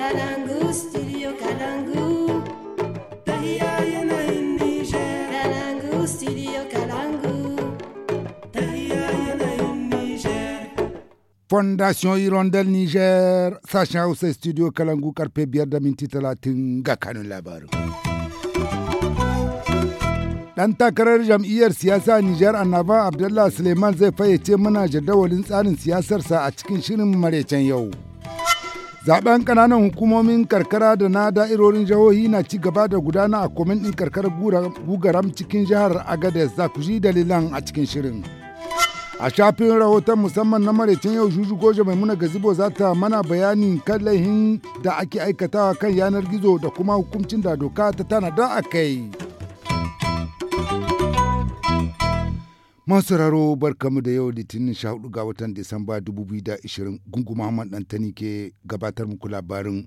Kalangu, studio Kalangu. yanayin Kalangu, studio Kalangu. yanayin Fondation Hirondel Niger, sashen Hausa studio Kalangu karfe biyar da minti talatin ga kanun labarin. Ɗan takarar jam'iyyar siyasa Nijar Annaba Abdullah Suleiman zai fayyace mana jadawalin tsarin siyasarsa a cikin shirin maraicen yau. zaben kananan hukumomin karkara da na da'irorin jihohi na ci gaba da gudana a komin ɗin karkarar gugaram cikin jihar agadez za ku ji dalilan a cikin shirin a shafin rahoton musamman na maraicin yau juju goje maimuna gazibo za ta mana bayanin kan laihin da ake aikatawa kan yanar gizo da kuma hukuncin da doka ta tanada a kai masauraro kamu da yau litinin hudu ga watan disamba 2020 gungu muhammad dantani ke gabatar muku labarin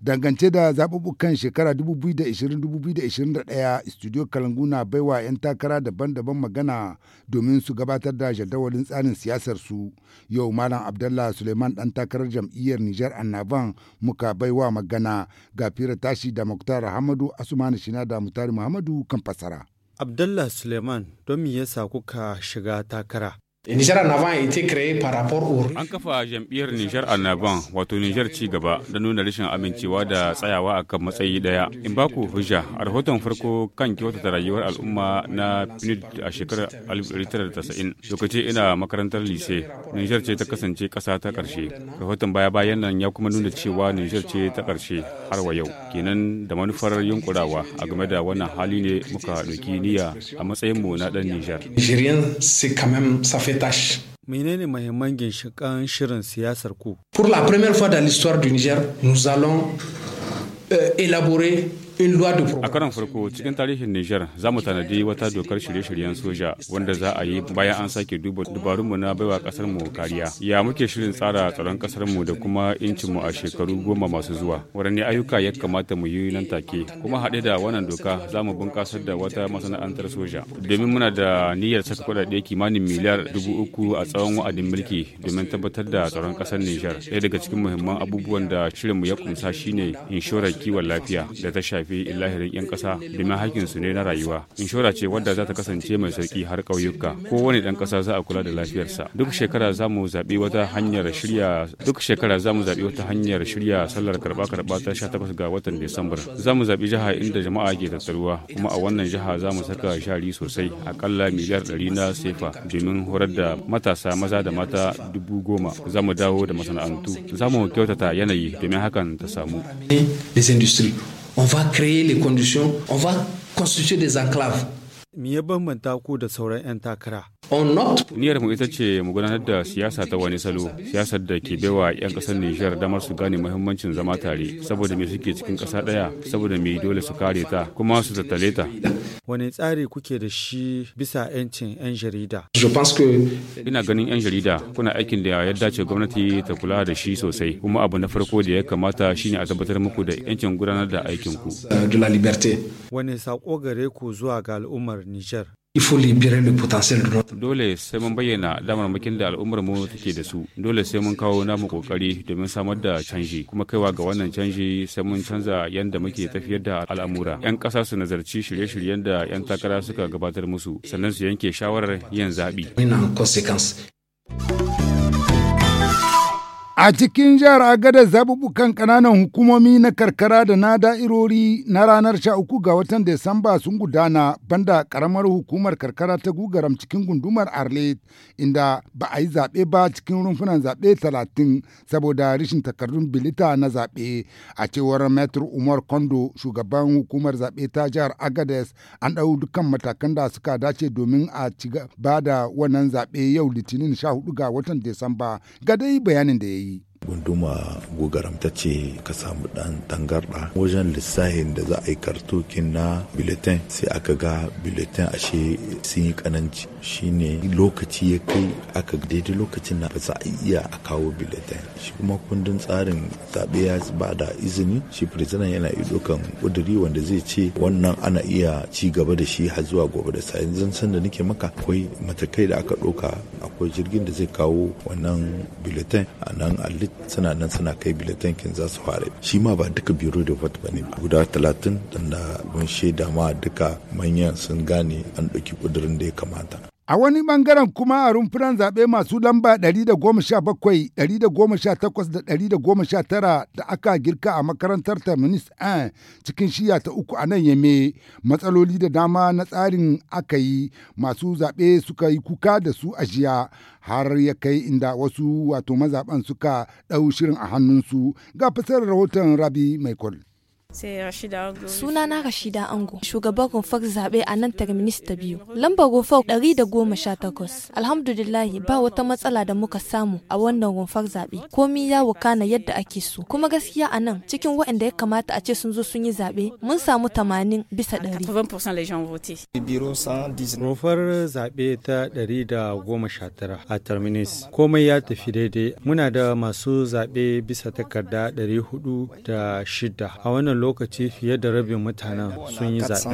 dangance da zaɓuɓɓukan shekara 2020-2021 studio kalangu na baiwa 'yan takara daban-daban magana domin su gabatar da jadawalin tsarin siyasar su yau malam abdallah suleiman dan takarar jam'iyyar nijar annaban muka baiwa magana ga fira tashi da muktar hamadu asumani shina da mutari muhammadu kan fasara Abdullah Suleiman don me yasa kuka shiga takara? Nijar Anavan a été par rapport au An kafa jam'iyyar Nijar Anavan wato Nijar ci gaba da nuna rashin amincewa da tsayawa a kan matsayi daya. In ba ku hujja a rahoton farko kan kyautata rayuwar al'umma na pinid a shekarar 1990 lokaci ina makarantar lise Nijar ce ta kasance kasa ta karshe. Rahoton baya bayan nan ya kuma nuna cewa Nijar ce ta karshe har wa yau. Kenan da manufar yunkurawa a game da wannan hali ne muka ɗauki niyya a matsayin mu na ɗan Nijar. Nigerian c'est quand même tâches. Pour la première fois dans l'histoire du Niger, nous allons euh, élaborer A karan farko cikin tarihin Nijar za mu tanadi wata dokar shirye-shiryen soja wanda za a yi bayan an sake duba mu na baiwa kasar mu kariya. Ya muke shirin tsara tsaron kasar mu da kuma incin mu a shekaru goma masu zuwa. Wani ayyuka ya kamata mu yi nan take kuma haɗe da wannan doka za mu bunƙasar da wata masana'antar soja. Domin muna da niyyar saka kuɗaɗe kimanin miliyar dubu uku a tsawon wa'adin mulki domin tabbatar da tsaron kasar Nijar. Ɗaya daga cikin muhimman abubuwan da shirin mu ya kunsa shine inshorar kiwon lafiya da ta shafi shafi lahirin 'yan ƙasa domin su ne na rayuwa. Inshora ce wadda za ta kasance mai sarki har ƙauyuka. Kowane ɗan ƙasa za a kula da lafiyarsa. Duk shekara za mu zaɓi wata hanyar shirya duk shekara za mu zaɓi wata hanyar shirya sallar karɓa-karɓa ta 18 ga watan Disambar. Za mu zaɓi jiha inda jama'a ke tattaruwa kuma a wannan jiha za mu saka shari sosai kalla miliyar ɗari na sefa domin horar da matasa maza da mata dubu goma za mu dawo da masana'antu za mu kyautata yanayi domin hakan ta samu. on va créer les conditions, on va constituer des enclaves. Me ya bambanta ku da sauran 'yan takara? niyar mu ita ce mu gudanar da siyasa ta wani salo, siyasar da ke baiwa 'yan kasar Nijar damar su gane muhimmancin zama tare, saboda me suke cikin kasa ɗaya, saboda me dole su kare ta, kuma su tattale ta. Wane tsari kuke da shi bisa 'yancin 'yan jarida? Ina ganin 'yan jarida kuna aikin da ya dace gwamnati ta kula da shi sosai, kuma abu na farko da ya kamata shine a tabbatar muku da 'yancin gudanar da aikinku. Euh, wani saƙo gare ku zuwa ga al'ummar Nijar? Dole sai mun bayyana makin da al'ummar mu take da su. Dole sai mun kawo namu kokari domin samar da canji kuma kaiwa ga wannan canji sai mun canza yadda muke tafiyar da al'amura. 'Yan ƙasa su nazarci shirye-shiryen da 'yan takara suka gabatar musu sannan su yanke shawarar yin zaɓi. A cikin jihar Agada zaɓuɓɓukan ƙananan hukumomi na karkara da na da'irori na ranar 13 ga watan Desamba sun gudana banda ƙaramar hukumar karkara ta gugaram cikin gundumar Arlet inda ba a yi zaɓe ba cikin rumfunan zaɓe 30 saboda rashin takardun bilita na zaɓe a cewar Metro Umar Kondo shugaban hukumar zaɓe ta jihar Agades an ɗau dukkan matakan da suka dace domin a ci gaba da wannan zaɓe yau Litinin 14 ga watan Desamba ga dai bayanin da ya yi. gunduma ce ka samu dan tangarda wajen lissahin da za a yi kartokin na biletin sai aka ga biletin ashe sun yi kananci shine lokaci ya kai aka daidai lokacin na ba za a iya a kawo biletin shi kuma kundin tsarin zaɓe ya ba da izini shi firizinan yana ido kan ƙuduri wanda zai ce wannan ana iya ci gaba da shi har zuwa gobe da sa zan san da nake maka akwai matakai da aka ɗauka akwai jirgin da zai kawo wannan biletin a nan a suna nan suna kai biletankin za su fara shi ma ba duka biro da vote ba ne guda talatin da mun shaida ma duka manyan sun gane an ɗauki ƙudurin da ya kamata A wani bangaren kuma a rumfunan zaɓe masu lamba 117, 118 da 119 da aka girka a makarantar Terminus 1 cikin shiya ta uku a nan yame matsaloli da dama na tsarin aka yi masu zaɓe suka yi kuka da su a jiya har ya kai inda wasu wato mazaɓan suka ɗau shirin a hannunsu ga fasar rahoton Rabi Maikol. sai Rashida Ango. Suna na Rashida Ango, shugaban rumfar zaɓe a nan ta biyu. Lambar rumfar ɗari da goma sha takwas. Alhamdulillahi ba wata matsala da muka samu a wannan rumfar zaɓe. Komi ya wakana yadda ake so. Kuma gaskiya a nan cikin waɗanda ya kamata a ce sun zo sun yi zaɓe mun samu tamanin bisa ɗari. Rumfar zaɓe ta ɗari da goma sha tara a Terminus. Komai ya tafi daidai. Muna da masu zaɓe bisa takarda ɗari hudu da shida a wannan lokaci fiye da rabin mutanen sun yi zaɓe.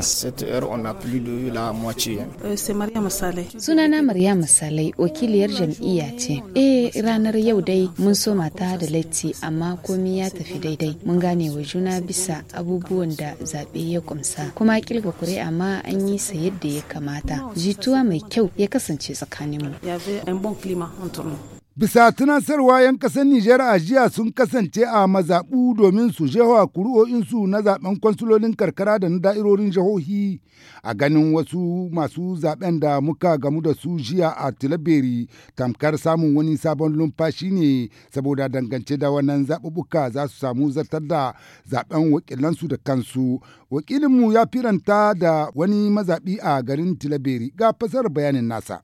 Eh, Sunana Maryam Masalai wakiliyar jam'iyya ce. Eh ranar yau dai mun so mata da latti amma komi ya tafi daidai. Mun gane wa juna bisa abubuwan da zaɓe ya kumsa. Kuma kilga kure amma an yi sa yadda ya kamata. Jituwa mai kyau ya kasance tsakaninmu. Bisa tunasarwa 'yan ƙasar Nijar a jiya sun kasance a mazaɓu domin su jewa kuru'o'insu na zaɓen kwansulolin karkara da na da'irorin jihohi a ganin wasu masu zaɓen da muka gamu da su jiya a Tilaberi tamkar samun wani sabon lumfashi ne saboda dangance da wannan zaɓuɓɓuka za su samu zartar da zaɓen wakilansu da kansu. Wakilinmu ya firanta da wani mazaɓi a garin Tilaberi ga fasar bayanin nasa.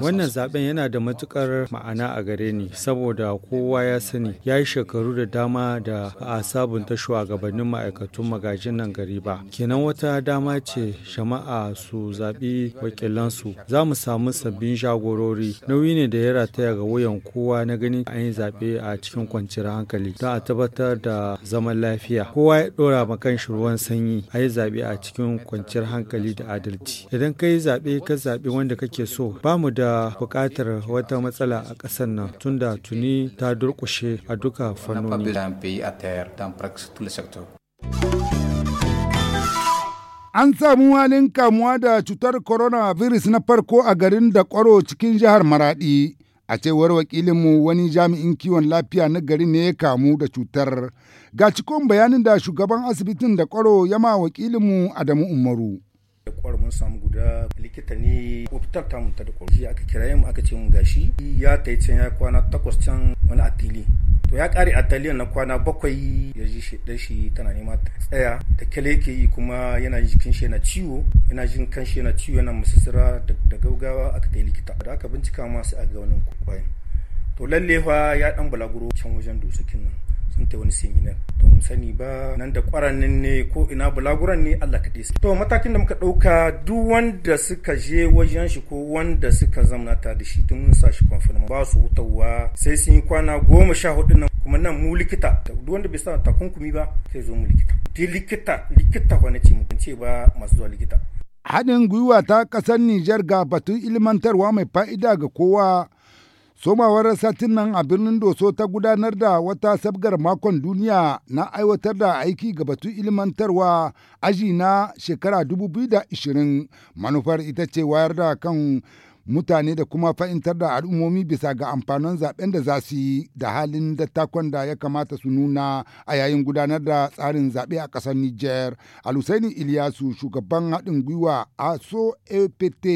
Wannan zaben yana da matukar ma'ana a gare ni saboda kowa ya sani ya yi shekaru da dama da a sabunta shugabannin ma'aikatun magajin nan gari ba. Kenan wata dama ce shama'a su zaɓi wakilansu za mu samu sabbin jagorori nauyi ne da ya rataya ga wuyan kowa na gani. an yi zaɓe a cikin kwanciyar hankali don a tabbatar da zaman lafiya. Kowa ya ɗora ma kan ruwan sanyi a yi zaɓe a cikin kwanciyar hankali da adalci. Idan ka yi zaɓe ka zaɓi wanda kake so so ba mu da bukatar wata matsala a ƙasar nan tunda tuni ta durƙushe a duka fannoni. An samu halin kamuwa da cutar coronavirus na farko a garin da kwaro cikin jihar Maradi. A cewar wakilinmu wani jami'in kiwon lafiya na gari ne ya kamu da cutar. Ga cikon bayanin da shugaban asibitin da kwaro ya ma wakilinmu Adamu Umaru. da kwar mun samu guda likita ne ofitar ta mun ta da kwar aka kira mu aka ce mun gashi ya ta can ya kwana takwas can wani atili to ya kare ataliyan na kwana bakwai ya ji shi dan shi tana nema ta tsaya da kale yake yi kuma yana jikin shi yana ciwo yana jin shi yana ciwo yana masasira da gaugawa aka kai likita da aka bincika masu sai a ga wani kwayan to lalle fa ya dan balaguro can wajen dosakin nan sun ta wani seminar to mun sani ba nan da kwarannin ne ko ina bulaguran ne Allah kaɗai to matakin da muka ɗauka duk wanda suka je wajen shi ko wanda suka zamna ta da shi tun sa shi confirm ba su hutawa sai sun yi kwana goma sha hudu nan kuma nan mu likita duk wanda bai sa takunkumi ba sai zo mu likita ti likita likita wani ce mu ce ba masu zuwa likita haɗin gwiwa ta ƙasar Nijar ga batun ilmantarwa mai fa'ida ga kowa somawar satin nan a birnin doso ta gudanar da wata sabgar makon duniya na aiwatar da aiki ga batun ilmantarwa aji na shekara 2020 manufar ita ce wayar da kan mutane da kuma fahimtar da al'ummomi bisa ga amfanin zaben da za su yi da halin dattakon da ya kamata su nuna a yayin gudanar da tsarin zaɓe a ƙasar Nijar. Alusaini Iliyasu shugaban haɗin gwiwa a so APT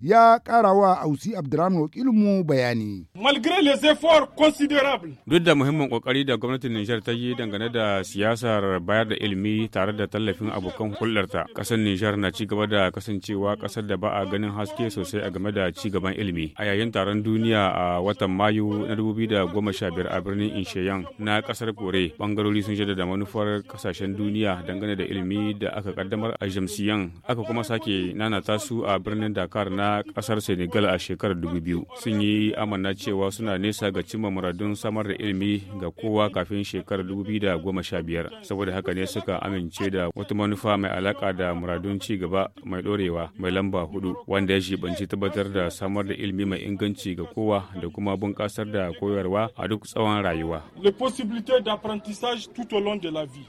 ya ƙara wa Ausi Abdurrahman wakilmu bayani. Malgré les efforts considérables. Duk da muhimmin ƙoƙari da gwamnatin Nijar ta yi dangane da siyasar bayar da ilimi tare da tallafin abokan hulɗarta, ƙasar Nijar na ci gaba da kasancewa ƙasar da ba a ganin haske sosai a game da ci gaban ilimi a yayin taron duniya a watan Mayu na 2015 a birnin Incheon na kasar Kore. Bangarori sun da manufar kasashen duniya dangane da ilimi da aka kaddamar a Jamsiyan aka kuma sake nanata su a birnin Dakar na kasar Senegal a shekarar 2000. Sun yi amana cewa suna nesa ga cimma muradun samar da ilimi ga kowa kafin shekarar 2015 saboda haka ne suka amince da wata manufa mai alaka da muradun ci gaba mai dorewa mai lamba hudu wanda ya shibanci tabbatar da da samar da ilimi mai inganci ga kowa da kuma bunƙasar da koyarwa a duk tsawon rayuwa. le possibilités d'apprentissage tout au long de la vie.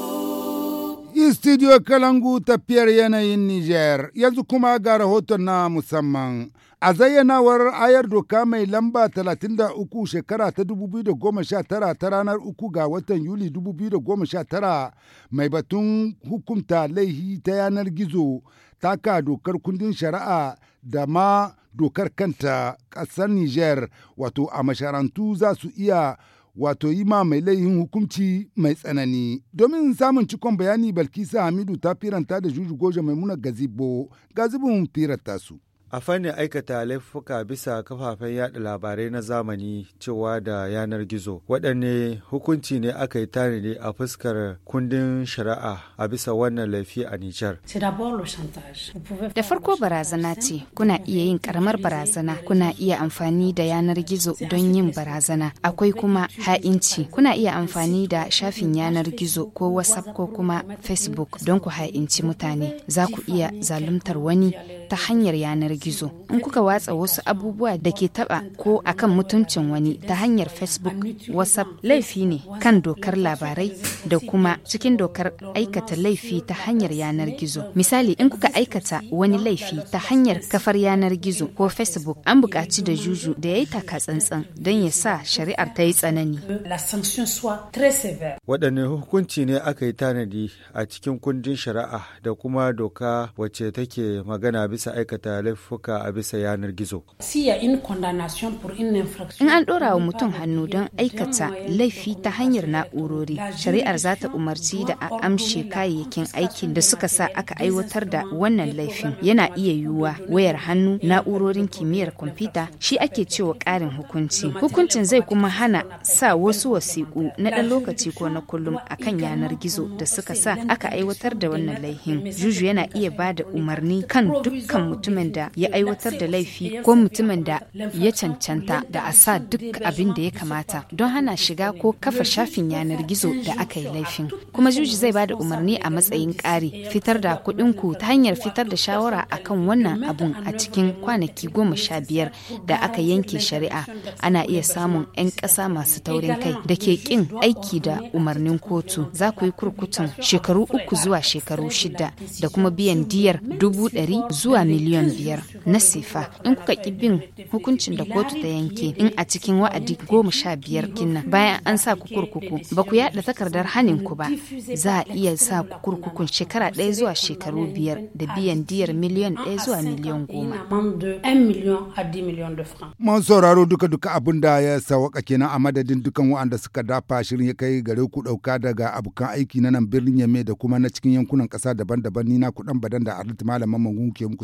Studio Kalangu tafiyar yanayin Niger yanzu kuma ga rahoton na musamman. A zayyanawar ayar doka mai lamba 33 shekara ta 2019 ta ranar 3 ga watan Yuli 2019 mai batun hukunta laihi ta yanar gizo taka dokar kundin shari'a da ma dokar kanta ƙasar Niger wato a masharantu za su iya wato yi ma mai laihin hukunci mai tsanani. Domin samun cikon bayani Balkisa Hamidu ta firanta da Juju Goja Maimuna Gazibo, Gazibin firanta su. A fannin aikata laifuka bisa kafafen yada labarai na zamani cewa da yanar gizo, waɗanne hukunci ne aka yi tanadi a fuskar kundin shari'a a bisa wannan laifi a Nijar. Da farko barazana ce, kuna iya yin karamar barazana, kuna iya amfani da yanar gizo don yin barazana. Akwai kuma ha'inci, kuna iya amfani da shafin yanar gizo ko WhatsApp ko kuma Facebook don ku ha'inci mutane. Za ku iya zaluntar wani ta hanyar yanar gizo in kuka watsa wasu abubuwa da ke taba ko akan mutuncin wani ta hanyar facebook whatsapp laifi ne kan dokar labarai da kuma cikin dokar aikata laifi ta hanyar yanar gizo misali in kuka aikata wani laifi ta hanyar kafar yanar gizo ko facebook an bukaci da juju da ya yi taka tsantsan don ya sa shari'ar ta yi tsanani waɗanne hukunci ne aka yi tanadi a cikin kundin shari'a da kuma doka wacce take magana bisa bisa aikata laifuka a bisa yanar gizo. In an ɗora wa mutum hannu don aikata laifi ta hanyar na'urori, shari'ar za ta umarci da a amshe kayayyakin aikin da suka sa aka aiwatar da wannan laifin. Yana iya yiwuwa wayar hannu, na'urorin kimiyyar kwamfuta shi ake cewa ƙarin hukunci. Hukuncin zai kuma hana sa wasu wasiƙu na ɗan lokaci ko na kullum a kan yanar gizo da suka sa aka aiwatar da wannan laifin. Juju yana iya ba da umarni kan duk dukkan mutumin da ya aiwatar da laifi ko mutumin da ya cancanta da a sa duk abin da ya kamata don hana shiga ko kafa shafin yanar gizo da aka yi laifin kuma juji zai ba da umarni a matsayin ƙari fitar da kuɗin ku ta hanyar fitar da shawara akan wannan abun a cikin kwanaki goma sha biyar da aka yanke shari'a ana iya samun 'yan ƙasa masu taurin kai da ke ƙin aiki da umarnin kotu za ku yi kurkutun shekaru uku zuwa shekaru shida da kuma biyan diyar dubu ɗari zuwa zuwa miliyan biyar na sifa in kuka ki bin hukuncin da kotu ta yanke in a cikin wa'adi goma sha biyar kinnan bayan an sa ku kurkuku ba ku yada takardar hanin ku ba za a iya sa ku kurkukun shekara ɗaya zuwa shekaru biyar da biyan diyar miliyan ɗaya zuwa miliyan goma. Mun sauraro duka-duka abin da ya sawaka kenan a madadin dukan wa'anda suka dafa shirin ya kai gare ku ɗauka daga abokan aiki na nan birnin Yame da kuma na cikin yankunan kasa daban-daban ni na kuɗan badan da Arlit Malam Mamman ke muku